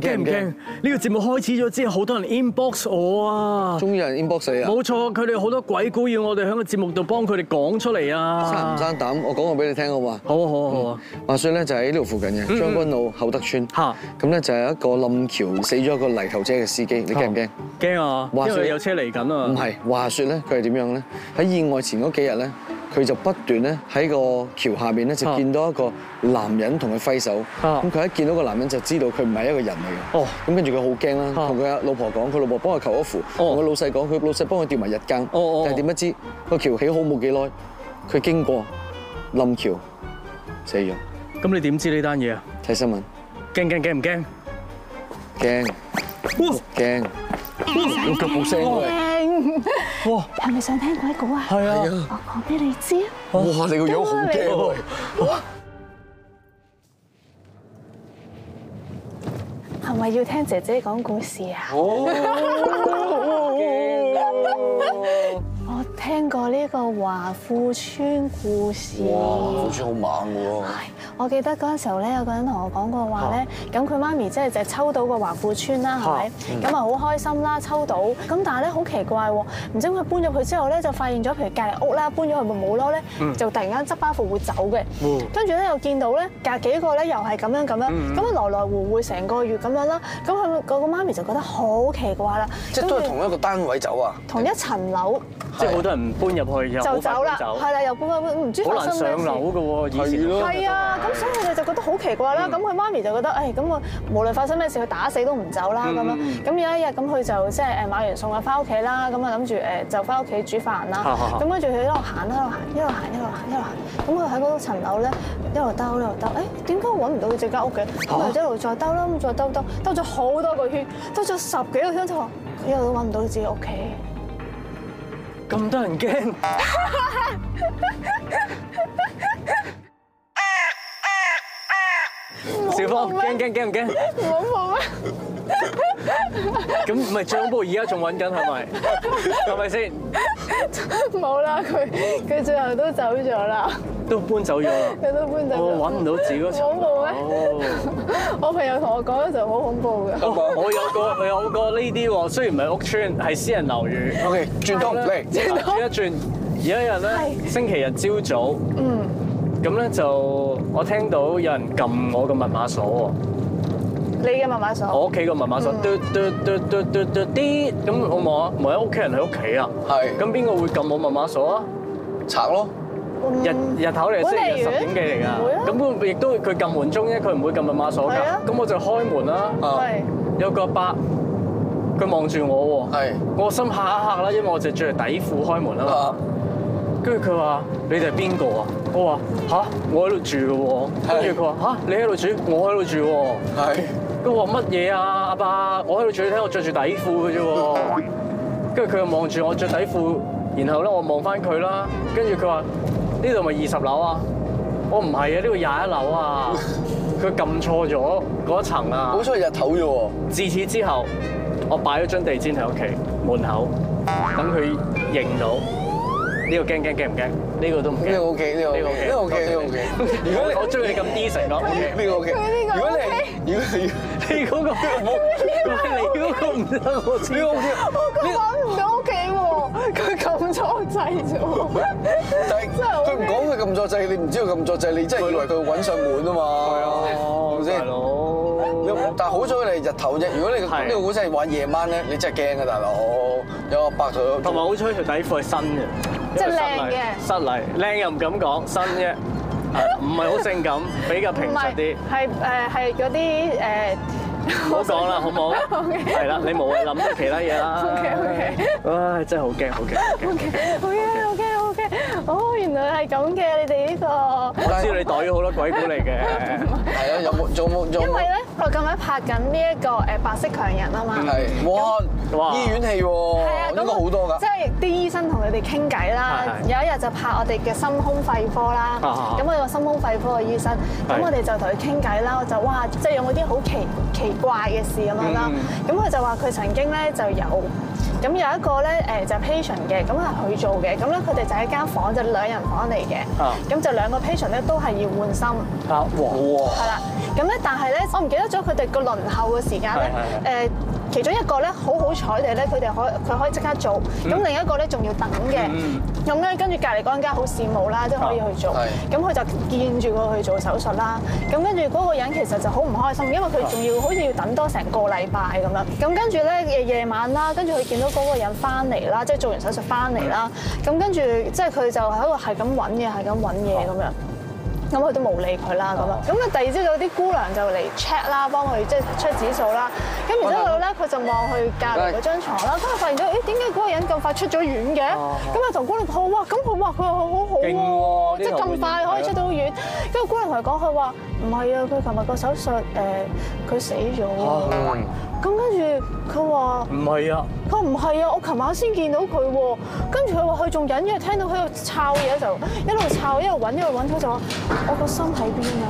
驚唔驚？呢個節目開始咗之後，好多人 inbox 我啊！終於有人 inbox 你啊！冇錯，佢哋好多鬼故要我哋喺個節目度幫佢哋講出嚟啊！生唔生膽？我講個俾你聽好嘛！好好好吧啊、嗯！話說咧，就喺呢度附近嘅將軍澳厚德村。吓咁咧就係一個冧橋死咗個泥頭車嘅司機，你驚唔驚？驚啊！因為有車嚟緊啊！唔係，話說咧，佢係點樣咧？喺意外前嗰幾日咧。佢就不斷咧喺個橋下面，咧就見到一個男人同佢揮手，咁佢一見到個男人就知道佢唔係一個人嚟嘅，咁跟住佢好驚啦，同佢阿老婆講，佢老婆幫佢求一符，同佢老細講，佢老細幫佢掉埋日更但，但係點不知個橋起好冇幾耐，佢經過冧橋死咗。咁你點知呢單嘢啊？睇新聞。驚驚驚唔驚？驚。哇！驚，我腳步聲喎。係咪想聽鬼故啊？係啊！我講俾你知啊！哇！你個樣好驚啊！係咪要聽姐姐講故事啊？聽過呢個華富邨故事？哇，華富邨好猛喎、喔！我記得嗰陣時候咧，有個人同我講過話咧，咁佢媽咪即係就抽到個華富邨啦，係咪？咁啊好開心啦，抽到。咁但係咧好奇怪喎，唔知佢搬咗去之後咧，就發現咗譬如隔籬屋啦，搬咗佢咪冇咯咧，就突然間執包袱會走嘅。跟住咧又見到咧隔幾個咧又係咁樣咁樣，咁啊來來回回成個月咁樣啦。咁佢嗰個媽咪就覺得好奇怪啦。即係都係同一個單位走啊？同一層樓。是對 即係好多人人搬入去就走對，走搬，係啦，又搬入去唔知發生咩事。好難上樓嘅，以前係啊，咁對 所以我哋就覺得好奇怪啦。咁佢媽咪就覺得，誒咁我無論發生咩事，佢打死都唔走啦。咁、嗯、樣咁有一日咁，佢就即係誒買完餸啊，翻屋企啦。咁啊諗住誒就翻屋企煮飯啦。咁跟住佢一路行，一路行，一路行，一路行，一路行。咁佢喺嗰層樓咧，一路兜，一路兜。誒點解我揾唔到自己間屋嘅？咁啊一路再兜啦，咁再兜兜，兜咗好多個圈，兜咗十幾個圈之後，佢一路都揾唔到佢自己屋企。咁多人驚！小方，驚驚驚唔驚？唔恐怖咩？咁唔係最恐怖，而家仲揾緊係咪？係咪先？冇啦，佢佢最後都走咗啦。都搬走咗啦。佢都搬走。我揾唔到自己嗰棟。恐怖咩？我朋友同我講嘅時候好恐怖㗎吧。我有個有個呢啲喎，雖然唔係屋村，係私人樓宇。O K，轉左嚟，轉一轉。有一日咧，星期日朝早。是 嗯。咁咧就我聽到有人撳我嘅密碼鎖喎。你嘅密碼鎖？我屋企嘅密碼鎖。嘟嘟嘟嘟嘟嘟啲，咁我望啊，冇一屋企人喺屋企啊。係。咁邊個會撳我密碼鎖啊？拆咯。日日頭嚟識十點幾嚟㗎。啊。咁佢亦都佢撳門鐘啫，佢唔會撳密碼鎖㗎。係。咁我就開門啦。係。有個伯，佢望住我喎。係。我心嚇一嚇啦，因為我就著底褲開門啦。跟住佢話：你哋係邊個啊？我話吓，我喺度住嘅喎。跟住佢話吓，你喺度住，我喺度住喎。係。佢話乜嘢啊？阿爸，爸，我喺度住，你睇我着住底褲嘅啫。跟住佢望住我着底褲，然後咧我望翻佢啦。跟住佢話：呢度咪二十樓啊？我唔係啊，呢度廿一樓啊。佢撳錯咗嗰一層啊。好彩日頭啫。自此之後，我擺咗張地氈喺屋企門口，等佢認到。呢個驚驚驚唔驚？呢個都唔驚。呢個 OK，呢個 OK，呢個 OK，呢個 OK。如果我中意你咁 easy 嘅，呢個 OK。如果你，如果你，如果呢個唔得，我知。呢個我講唔到屋企喎，佢撳錯掣啫。但係佢唔講佢撳錯掣，你唔知道撳錯掣，你真係以為佢揾上門啊嘛？係啊，係咪先？但係好彩你日頭啫，如果你呢個好似係玩夜晚咧，你真係驚啊，大佬。有白上，同埋好彩條底褲係新嘅。即係靚嘅，失禮，靚又唔敢講，新啫，唔係好性感，比較平實啲，係誒係嗰啲誒。唔好講啦，好唔好？OK。係啦，你冇去諗其他嘢啦。OK OK。唉，真係好驚好驚 OK。好嘅，好嘅，好嘅。哦，原來係咁嘅，你哋呢個。我知你袋咗好多鬼故嚟嘅。係啊，有冇？有冇？因為咧，我近排拍緊呢一個誒《白色強人》啊嘛。係。哇！哇！醫院戲喎，應該好多㗎。即係啲醫生同佢哋傾偈啦。有一日就拍我哋嘅心胸肺科啦。啊哈。咁我個心胸肺科嘅醫生，咁我哋就同佢傾偈啦。我就哇，即係有冇啲好奇奇～怪嘅事咁樣啦，咁佢就話佢曾經咧就有，咁有一個咧誒就 patient 嘅，咁係佢做嘅，咁咧佢哋就係一間房就係、兩人房嚟嘅，咁就、嗯、兩個 patient 咧都係要換心。嚇哇，哇！係啦，咁咧但係咧我唔記得咗佢哋個輪候嘅時間咧誒。其中一個咧，好好彩地咧，佢哋可佢可以即刻做，咁另一個咧仲要等嘅。咁咧跟住隔離嗰陣間好羨慕啦，即係可以去做。咁佢就見住佢去做手術啦。咁跟住嗰個人其實就好唔開心，因為佢仲要好似要等多成個禮拜咁樣。咁跟住咧夜晚啦，跟住佢見到嗰個人翻嚟啦，即係做完手術翻嚟啦。咁跟住即係佢就喺度係咁揾嘢，係咁揾嘢咁樣。咁佢都冇理佢啦，咁啊，咁啊第二朝早啲姑娘就嚟 check 啦，幫佢即係出指數啦，咁謝然之後咧，佢就望去隔離嗰張牀啦，咁啊發現咗，誒點解嗰個人咁快出咗院嘅？咁啊同姑娘講，哇，咁佢話佢話好好好喎，即係咁快可以出到院，跟住對吧 姑娘同佢講，佢話，唔係啊，佢琴日個手術誒，佢死咗是、啊。嚇！咁跟住佢話唔係啊，佢話唔係啊，我琴晚先見到佢喎。跟住佢話佢仲隱約聽到喺度摷嘢，就一路摷一路揾一路揾，佢就話我個心喺邊啊，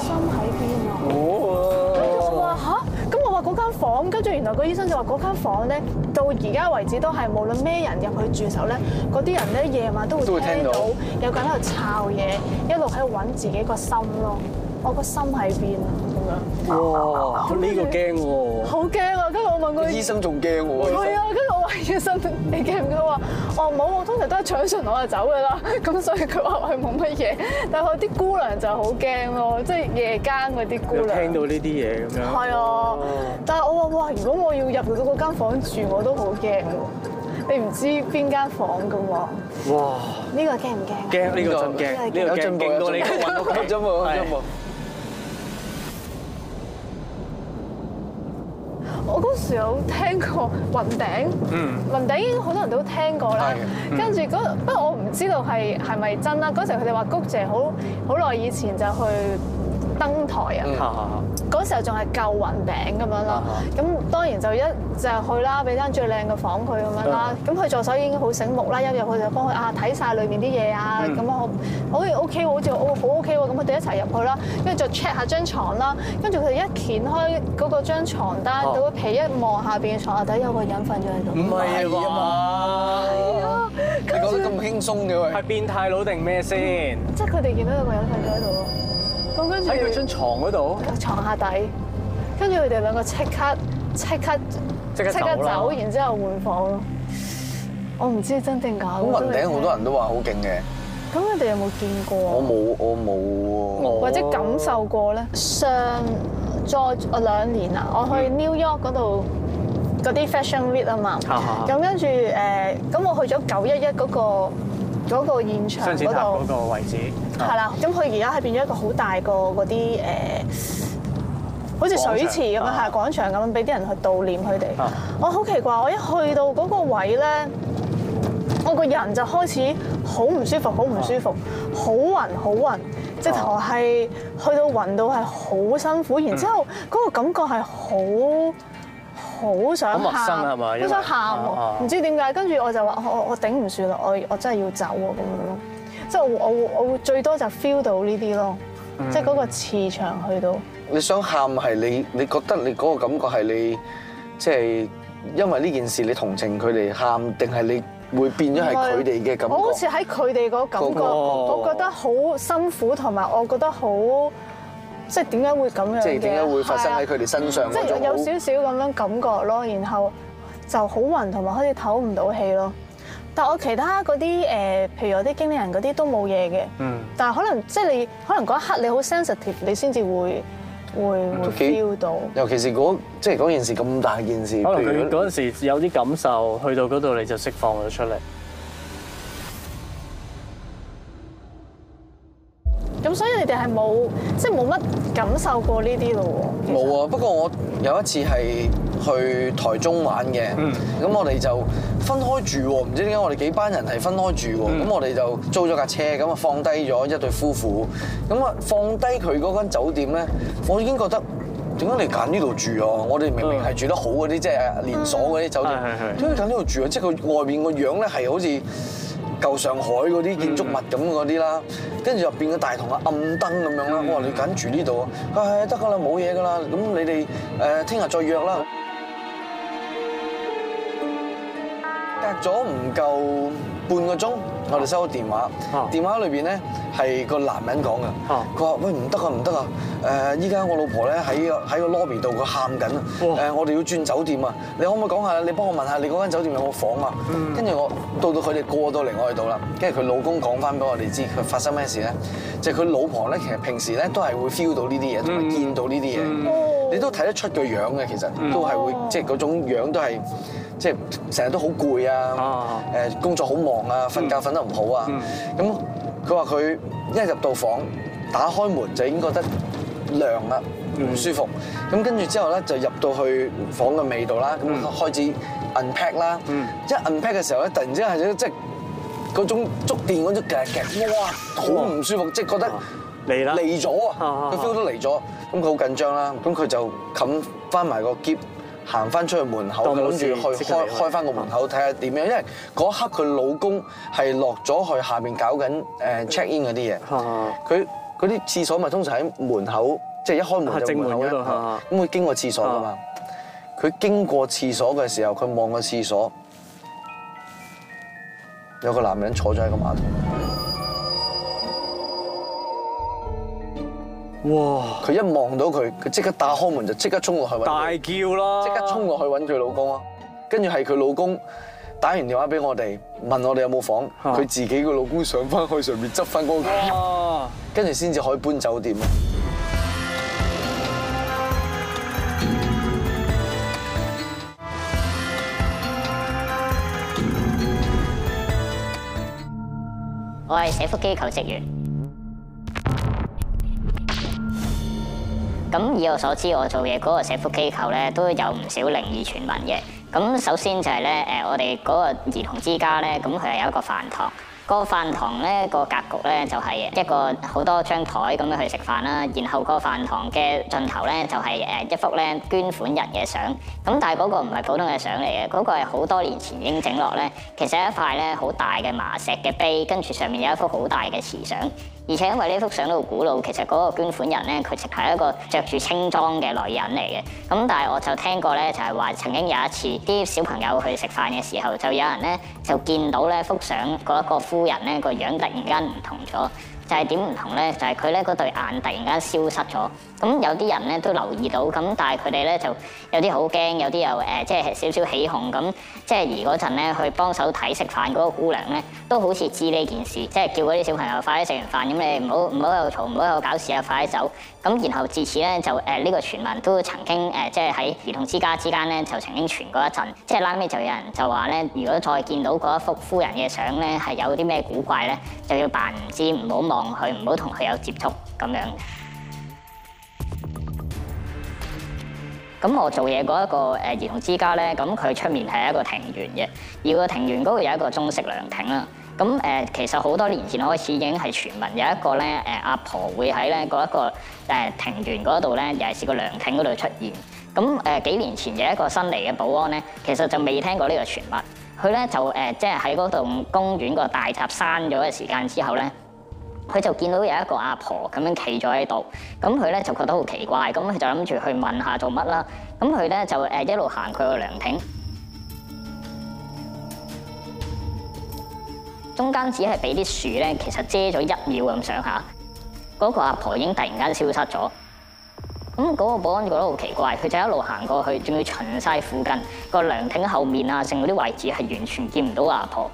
心喺邊啊。哦！跟住我話吓？咁我話嗰間房，跟住原來個醫生就話嗰間房咧，到而家為止都係無論咩人入去住手咧，嗰啲人咧夜晚都會聽到有個人喺度摷嘢，一路喺度揾自己個心咯。我心、嗯、們個心喺邊啊咁樣？哇！呢個驚喎，好驚啊！跟住我問佢，醫生仲驚我？係啊！跟住我話醫生，你驚唔驚？我哦，冇，我通常都係搶信我就走噶啦。咁所以佢話佢冇乜嘢。但係啲姑娘就好驚咯，即、就、係、是、夜間嗰啲姑娘。聽到呢啲嘢咁，係啊對！哇 但係我話：哇！如果我要入到嗰間，間房住，我都好驚喎。你唔知邊間房噶喎？哇！呢個驚唔驚？驚呢個，呢、這個有進步啊！進對 對 我嗰時有聽過雲頂，嗯、雲頂已經好多人都聽過啦。跟住，嗯、不過我唔知道係係咪真啦。嗰時佢哋話谷姐好好耐以前就去登台啊！嗰時候仲係舊雲頂咁樣咯，咁當然就一就去啦，俾間最靚嘅房佢咁樣啦。咁佢助手已經好醒目啦，一入去就幫佢啊睇晒裏面啲嘢啊，咁啊好似 OK，好似好 OK 喎，咁佢哋一齊入去啦，跟住就 check 下張床啦。跟住佢哋一掀開嗰個張床單，到個被一望下邊嘅床下底有個人瞓咗喺度。唔係啊嘛，你講得咁輕鬆嘅喎，係變態佬定咩先？即係佢哋見到有個人瞓咗喺度咯。喺佢張床嗰度，床下底。跟住佢哋兩個即刻，即刻即刻走，然之後換房咯。我唔知真定假。咁雲頂好多人都話好勁嘅。咁你哋有冇見過我？我冇，我冇喎。或者感受過咧？上再兩年啊，我去 New York 嗰度嗰啲 fashion week 啊嘛。咁跟住誒，咁我去咗九一一嗰個。嗰個現場嗰個位置，係啦了。咁佢而家係變咗一個好大個嗰啲誒，好似水池咁樣，係廣場咁樣俾啲人去悼念佢哋。我好奇怪，我一去到嗰個位咧，我個人就開始好唔舒服，好唔舒服，好暈，好暈，好暈，直頭係去到暈到係好辛苦。然之後嗰個感覺係好。好想喊，好陌生係嘛？好想喊，唔知點解。跟住我就話：我我我頂唔住啦，我我真係要走喎咁樣咯。即係我我我最多就 feel 到呢啲咯，即係嗰個磁場去到。你想喊係你，你覺得你嗰個感覺係你，即係因為呢件事你同情佢哋喊，定係你會變咗係佢哋嘅感覺？即係、我好似喺佢哋嗰感覺、嗰個，我覺得好辛苦，同埋我覺得好。即係點解會咁樣？即係點解會發生喺佢哋身上？即係對有少少咁樣感覺咯，然後就好暈，同埋好似唞唔到氣咯。但係我其他嗰啲誒，譬如有啲經理人嗰啲都冇嘢嘅。嗯。但係可能即係你可能嗰一刻你好 sensitive，你先至會會會 feel 到。尤其是嗰即係嗰件事咁大件事，譬如可能佢嗰陣時有啲感受，去到嗰度你就釋放咗出嚟。 你哋係冇，即係冇乜感受過呢啲咯喎。冇啊，不過我有一次係去台中玩嘅，咁我哋就分開住喎。唔知點解我哋幾班人係分開住喎。咁我哋就租咗架車，咁啊放低咗一對夫婦，咁啊放低佢嗰間酒店咧。我已經覺得點解你揀呢度住啊？我哋明明係住得好嗰啲，即係連鎖嗰啲酒店，點解揀呢度住啊？即係佢外邊個樣咧，係好似，舊上海嗰啲建築物咁嗰啲啦，跟住入面個大堂啊，暗燈咁樣啦，我話你緊住呢度，佢係得㗎啦，冇嘢㗎啦，咁你哋誒聽日再約啦。咗唔夠半個鐘，我哋收咗電話。電話裏邊咧係個男人講嘅。佢話：喂，唔得啊，唔得啊！誒，依家我老婆咧喺個喺個 lobby 度，佢喊緊啊！誒，我哋要轉酒店啊！你可唔可以講下？你幫我問下你嗰間酒店有冇房啊？跟住我到到佢哋過到嚟我度啦。跟住佢老公講翻俾我哋知，佢發生咩事咧？就係佢老婆咧，其實平時咧都係會 feel 到呢啲嘢，同埋見到呢啲嘢，你都睇得出個樣嘅。其實都係會即係嗰種樣都係。即係成日都好攰啊，誒，工作好忙啊，瞓覺瞓得唔好啊。咁佢話佢一入到房，打開門就已經覺得涼啦，唔舒服。咁跟住之後咧，就入到去房嘅味道啦，咁開始 unpack 啦。 一 unpack 嘅時候咧，突然之間係即係嗰種觸電嗰種夾夾，哇！好唔舒服，即係覺得嚟啦嚟咗啊！佢 feel 到嚟咗，咁佢好緊張啦。咁佢就冚翻埋個篋。行翻出去門口，諗住去開,開開翻個門口睇下點樣，因為嗰一刻佢老公係落咗去下面搞緊誒 check in 嗰啲嘢。佢嗰啲廁所咪通常喺門口，即係一開門就門口嗰度。咁佢經過廁所噶嘛，佢是的 經過廁所嘅時候，佢望個廁所有個男人坐咗喺個馬桶。哇！佢一望到佢，佢即刻打開門就即刻衝落去搵，大叫咯！即刻衝落去搵佢老公咯。跟住係佢老公打完電話俾我哋，問我哋有冇房，佢自己個老公上翻去上面執翻嗰個，跟住先至可以搬酒店。啊。我係社福機構職員。咁以我所知，我做嘢嗰個社福機構咧都有唔少靈異傳聞嘅。咁首先就係咧，誒我哋嗰個兒童之家咧，咁佢係有一個飯堂。個飯堂咧個格局咧就係一個好多張台咁樣去食飯啦。然後個飯堂嘅盡頭咧就係誒一幅咧捐款人嘅相。咁但係嗰個唔係普通嘅相嚟嘅，嗰個係好多年前已經整落咧。其實一塊咧好大嘅麻石嘅碑，跟住上面有一幅好大嘅瓷相。而且因為呢幅相都好古老，其實嗰個捐款人呢，佢直係一個着住青裝嘅女人嚟嘅。咁但係我就聽過呢，就係話曾經有一次啲小朋友去食飯嘅時候，就有人呢，就見到呢幅相嗰一個夫人呢個樣突然間唔同咗。就係點唔同咧？就係佢咧嗰對眼突然間消失咗。咁有啲人咧都留意到，咁但係佢哋咧就有啲好驚，有啲又誒即係少少起哄。咁即係而嗰陣咧去幫手睇食飯嗰個姑娘咧，都好似知呢件事，即係叫嗰啲小朋友快啲食完飯，咁你唔好唔好喺度嘈，唔好喺度搞事啊，快啲走。咁然後自此咧就誒呢、呃呢個傳聞都曾經誒即係喺兒童之家之間咧就曾經傳過一陣。即係拉尾就有人就話咧，如果再見到嗰一幅夫人嘅相咧，係有啲咩古怪咧，就要扮唔知，唔好望。望佢唔好同佢有接觸咁樣。咁我做嘢嗰一個誒兒童之家咧，咁佢出面係一個庭園嘅，而個庭園嗰度有一個中式涼亭啦。咁誒，其實好多年前開始已經係傳聞，有一個咧誒阿婆會喺咧嗰一個誒庭園嗰度咧，又係試過涼亭嗰度出現。咁誒，幾年前有一個新嚟嘅保安咧，其實就未聽過呢個傳聞。佢咧就誒，即係喺嗰棟公園個大閘閂咗嘅時間之後咧。佢就見到有一個阿婆咁樣企咗喺度，咁佢咧就覺得好奇怪，咁佢就諗住去問下做乜啦。咁佢咧就誒一路行佢個涼亭，中間只係俾啲樹咧其實遮咗一秒咁上下，嗰、那個阿婆已經突然間消失咗。咁、嗰、嗰個保安覺得好奇怪，佢就一路行過去，仲要巡晒附近、嗰個涼亭後面啊，剩嗰啲位置係完全見唔到阿婆。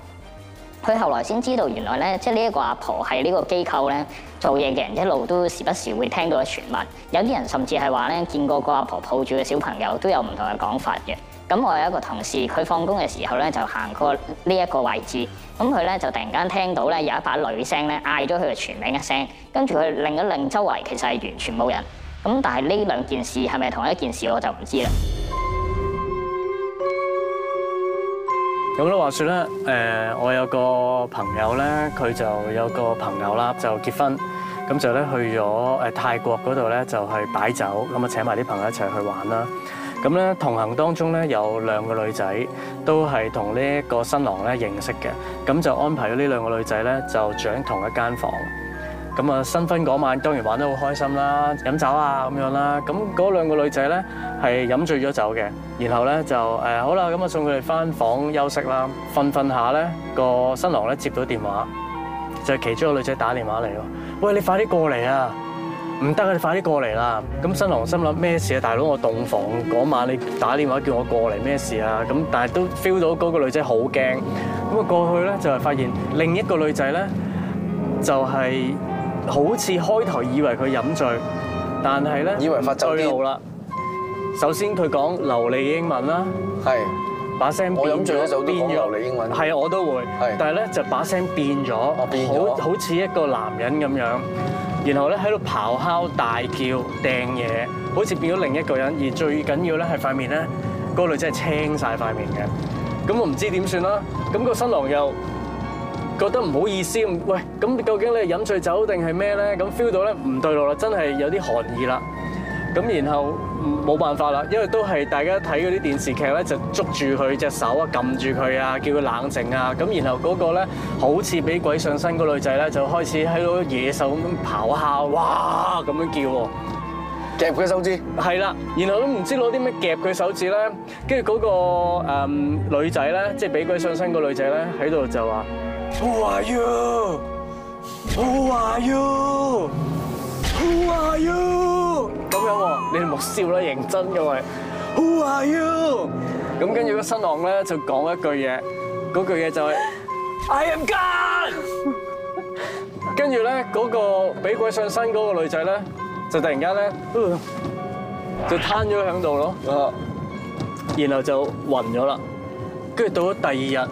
佢後來先知道原來咧，即係呢一個阿婆係呢個機構咧做嘢嘅人，一路都時不時會聽到嘅傳聞。有啲人甚至係話咧見過個阿婆抱住嘅小朋友，都有唔同嘅講法嘅。咁我有一個同事，佢放工嘅時候咧就行過呢一個位置，咁佢咧就突然間聽到咧有一把女聲咧嗌咗佢嘅全名一聲，跟住佢擰一擰周圍，其實係完全冇人。咁但係呢兩件事係咪同一件事，我就唔知啦。咁咧，話説咧，誒，我有個朋友咧，佢就有個朋友啦，就結婚，咁就咧去咗誒泰國嗰度咧，就去擺酒，咁啊請埋啲朋友一齊去玩啦。咁咧，同行當中咧有兩個女仔，都係同呢一個新郎咧認識嘅，咁就安排咗呢兩個女仔咧就住同一間房。咁啊，新婚嗰晚當然玩得好開心啦，飲酒啊咁樣啦。咁嗰兩個女仔咧係飲醉咗酒嘅，然後咧就誒好啦，咁啊送佢哋返房休息啦，瞓瞓下咧個新郎咧接到電話，就係其中個女仔打電話嚟喎。喂，你快啲過嚟啊！唔得啊，你快啲過嚟啦。咁新郎心諗咩事啊，大佬我洞房嗰晚你打電話叫我過嚟咩事啊？咁但係都 feel 到嗰個女仔好驚。咁啊過去咧就係發現另一個女仔咧就係。好似開頭以為佢飲醉，但係咧醉到啦。好首先佢講流利英文啦，係把聲變咗，變咗。係啊，我都會，是 但係咧就把聲變咗，好好似一個男人咁樣。然後咧喺度咆哮，大叫掟嘢，好似變咗另一個人。而最緊要咧係塊面咧，嗰、嗰個女仔係青晒塊面嘅。咁我唔知點算啦。咁個新郎又。覺得唔好意思，喂咁究竟你飲醉酒定係咩咧？咁 feel 到咧唔對路啦，真係有啲寒意啦。咁然後冇辦法啦，因為都係大家睇嗰啲電視劇咧，就捉住佢隻手啊，撳住佢啊，叫佢冷靜啊。咁然後嗰個咧好似俾鬼上身個女仔咧，就開始喺度野獸咁咆哮，哇咁樣叫喎，夾佢手指係啦。然後都唔知攞啲咩夾佢手指咧，跟住嗰個誒女仔咧，即係俾鬼上身個女仔咧，喺度就話。Who are you? Who are you? Who are you? 咁樣，你哋莫笑啦，認真嘅喂。Who are you？咁跟住個新郎咧就講一句嘢，嗰句嘢就係、是、I am God。跟住咧嗰個俾鬼上身嗰個女仔咧就突然間咧就攤咗喺度咯，然後就暈咗啦，跟住到咗第二日。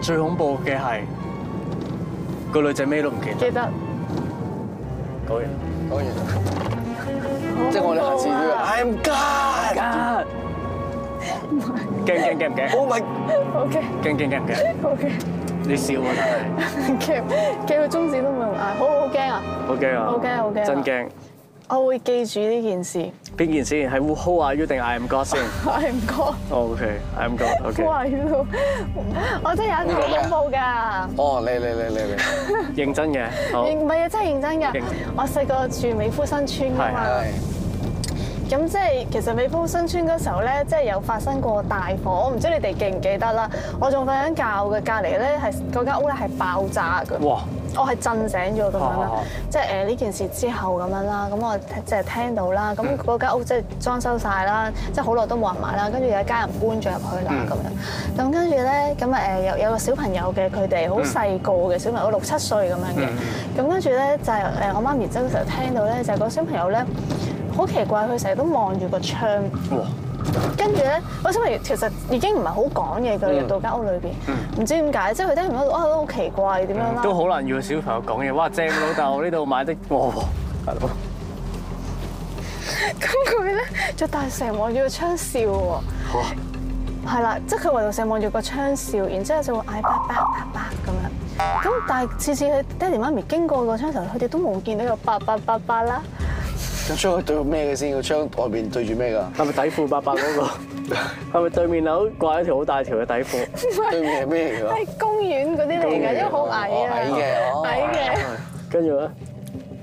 最恐怖嘅係個女仔咩都唔記得，講完講完，即係我哋下次都要。I am god，唔係，驚驚驚唔驚？Oh my，OK，驚驚驚唔驚？OK，你笑啊，但係記記個中指都冇用啊，好好驚啊，好驚啊，好驚好驚，真驚。我會記住呢件，件事。邊件事？係 Who are you 定 I am God 先？I am God。OK，I am God。OK。Who are you？我真係有一個好恐怖㗎。哦，你你你你你，認真嘅？唔係啊，真係認真㗎。真我細個住美孚新村㗎吧 咁即係其實美孚新村嗰時候咧，即係有發生過大火，我唔知你哋記唔記得啦。我仲瞓緊覺嘅，隔離咧係嗰間屋咧係爆炸嘅。哇！我係震醒咗咁樣啦，即係誒呢件事之後咁樣啦。咁我即係聽到啦。咁嗰間屋即係裝修晒啦，即係好耐都冇人買啦。跟住有一家人搬咗入去啦咁樣。咁跟住咧，咁啊誒有有個小朋友嘅，佢哋好細個嘅小朋友，六七歲咁樣嘅。咁跟住咧就係誒我媽咪即係聽到咧，就係個小朋友咧。好奇怪，佢成日都望住個窗，跟住咧，個小朋友其實已經唔係好講嘢嘅，入到間屋裏邊，唔知點解，即係佢爹哋媽咪都好奇怪點樣啦。都好難要小朋友講嘢，哇！正！老豆呢度買的臥房，係咁佢咧就大成望住個窗笑喎，係啦，即係佢大成望住個窗笑，然之後就會嗌八八八八咁樣。咁但係次次佢爹哋媽咪經過個窗時候，佢哋都冇見到有八八八八啦。著著著著白白個窗對住咩嘅先？個窗外邊對住咩噶？係咪底褲八百？嗰個？係咪對面樓掛一條好大條嘅底褲？對面係咩嚟噶？係公園嗰啲嚟噶，因為好矮啊。矮嘅，矮嘅。跟住咧，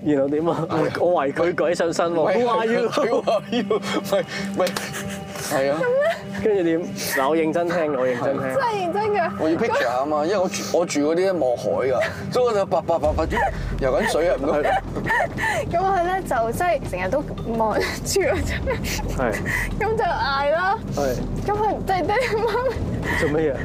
然後點啊？我我為佢鬼上身喎。我話要，我話要，喂！係唔係？係啊。跟住點？嗱，我認真聽，我認真聽。真係認真㗎！我要 picture 啊嘛，那因為我住我住嗰啲望海㗎，所以我就白白白白啲遊緊水入面。咁佢咧就真係成日都望住我，即係咁就嗌啦。咁佢即係點啊？做乜嘢？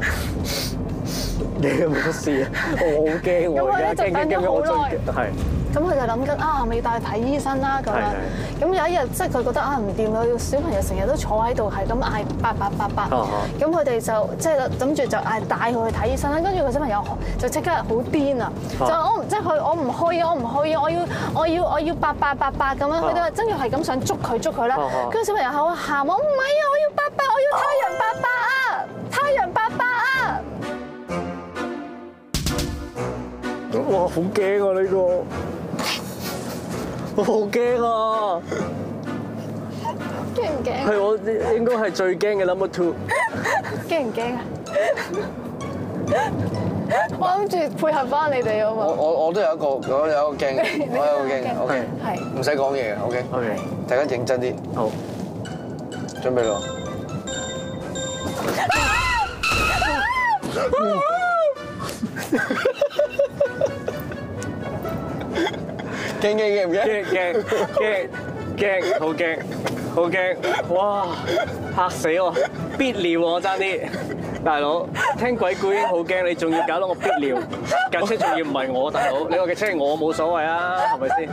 你又冇事啊？我好驚喎！而家聽係。咁佢就諗緊啊，要帶去睇醫生啦咁樣。咁有一日，即係佢覺得啊唔掂啦，小朋友成日都坐喺度係咁嗌八八八八。咁佢哋就即係諗住就嗌帶佢去睇醫生啦。跟住個小朋友就即刻好癲啊！就我唔即係佢，我唔去啊，我唔去啊，我要我要我要八八八八咁樣。佢哋話真要係咁想捉佢捉佢啦。跟住小朋友喺度喊：我唔係啊！我要八八，我要太陽八八啊！太陽八八啊！哇！好驚啊！呢個～我好驚啊！驚唔驚？係我應該係最驚嘅 number two。驚唔驚啊？我諗住配合翻你哋啊嘛。我我我都有一個，我有一個驚，我有一個驚。OK，係。唔使講嘢嘅，OK。OK。大家認真啲。好。準備咯！驚驚驚唔驚？驚驚驚驚，好驚好驚哇！嚇死我，憋尿我爭啲，大佬聽鬼故已經好驚，你仲要搞到我憋尿架車，仲要唔係我大佬，你話架車我冇所謂啊，係咪先？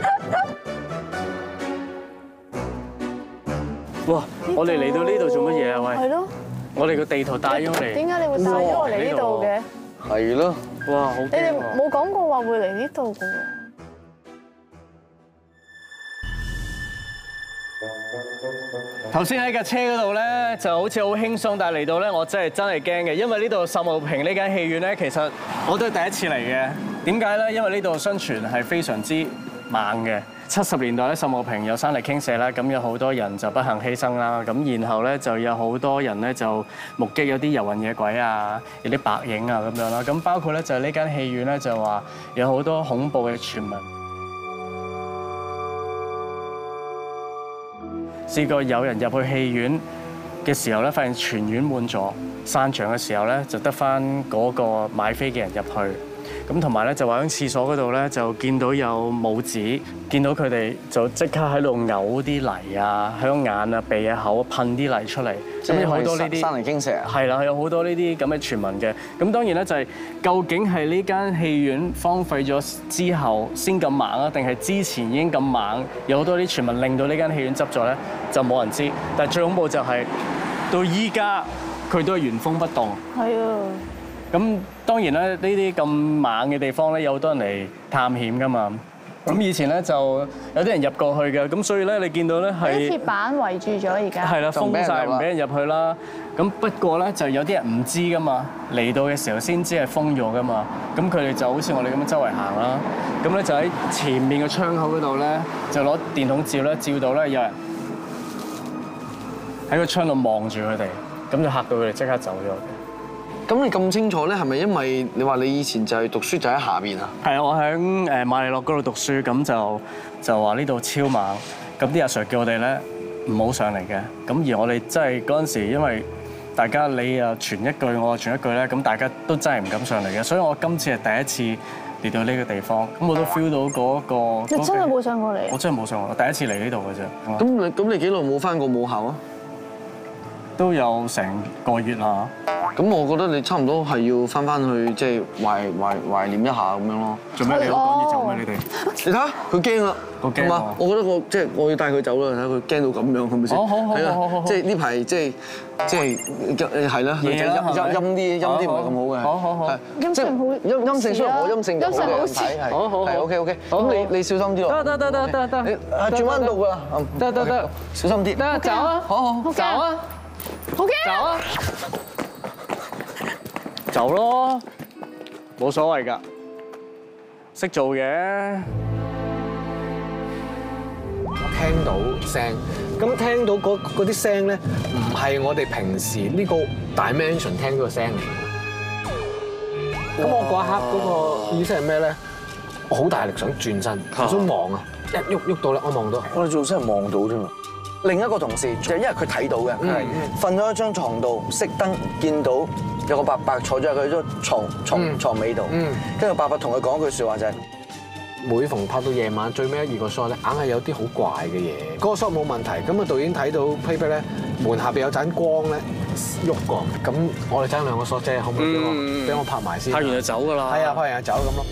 哇！我哋嚟到呢度做乜嘢啊？喂，係咯，我哋個地圖帶咗嚟。點解你會帶咗我嚟呢度嘅？係咯，哇！好驚啊！你哋冇講過話會嚟呢度噶。頭先喺架車嗰度咧，就好似好輕鬆，但係嚟到咧，我真係真係驚嘅，因為呢度秀茂坪呢間戲院咧，其實我都係第一次嚟嘅。點解咧？因為呢度相傳係非常之猛嘅。七十年代咧，秀茂坪有山泥傾瀉啦，咁有好多人就不幸犧牲啦。咁然後咧，就有好多人咧就目擊有啲遊魂野鬼啊，有啲白影啊咁樣啦。咁包括咧就係呢間戲院咧，就話有好多恐怖嘅傳聞。試過有人入去戲院嘅時候咧，發現全院滿座；散場嘅時候咧，就得翻個買飛嘅人入去。咁同埋咧，就話喺廁所嗰度咧，就見到有母子，見到佢哋就即刻喺度嘔啲泥啊，喺眼啊、鼻啊、口噴啲泥出嚟。咁有好多呢啲，山泥傾瀉。係啦，有好多呢啲咁嘅傳聞嘅。咁當然咧，就係究竟係呢間戲院荒廢咗之後先咁猛啊，定係之前已經咁猛，有好多啲傳聞令到呢間戲院執咗咧，就冇人知。但係最恐怖就係到依家佢都係原封不動。係啊。咁當然啦，呢啲咁猛嘅地方咧，有好多人嚟探險噶嘛。咁以前咧就有啲人入過去嘅，咁所以咧你見到咧係鐵板圍住咗而家，係啦，封曬唔俾人入去啦。咁不過咧就有啲人唔知噶嘛，嚟到嘅時候先知係封咗噶嘛。咁佢哋就好似我哋咁樣周圍行啦。咁咧就喺前面嘅窗口嗰度咧，就攞電筒照咧，照到咧有人喺個窗度望住佢哋，咁就嚇到佢哋即刻走咗。咁你咁清楚咧，係咪因為你話你以前就係讀書就喺下面啊？係啊，我喺誒瑪利諾嗰度讀書，咁就就話呢度超猛。咁啲阿 Sir 叫我哋咧唔好上嚟嘅。咁而我哋真係嗰陣時，因為大家你啊傳一句，我啊傳一句咧，咁大家都真係唔敢上嚟嘅。所以我今次係第一次嚟到呢個地方，咁我都 feel 到嗰、那個。那個、你真係冇上過嚟。我真係冇上過，第一次嚟呢度嘅啫。咁你咁你幾耐冇翻過母校啊？都有成個月啦，咁我覺得你差唔多係要返返去，即係懷懷懷念一下咁樣咯。做咩？你都趕熱走咩？你哋？你睇下佢驚啦，係嘛？我覺得我即係我要帶佢走啦，睇下佢驚到咁樣，係咪先？好好好好好好。即係呢排即係即係係咯，女仔陰陰陰啲陰啲唔係咁好嘅。好好好。陰性好，陰陰性衰，我陰性唔好嘅。睇係 OK OK。咁你你小心啲咯。得得得得得得。係轉温度㗎。得得得，小心啲。得走，好好走啊。走啊！走咯，冇所謂㗎，識做嘅。我聽到聲，咁聽到嗰嗰啲聲咧，唔係我哋平時呢個 dimension 聽嗰個聲。咁我嗰一刻嗰個意識係咩咧？我好大力想轉身，我想望啊！一喐喐到啦，我望到。我哋做真係望到啫嘛。另一個同事就因為佢睇到嘅，係瞓咗一張床度，熄燈見到有個伯伯坐咗喺佢張床床牀尾度，跟住伯伯同佢講一句説話就係、是：每逢拍到夜晚最尾一兩個 shot 咧，硬係有啲好怪嘅嘢。個 shot 冇問題，咁啊導演睇到 paper 咧，門下邊有盞光咧喐過，咁我哋爭兩個 shot 啫，可唔可以俾我拍埋先？拍完就走㗎啦。係啊，拍完就走咁咯。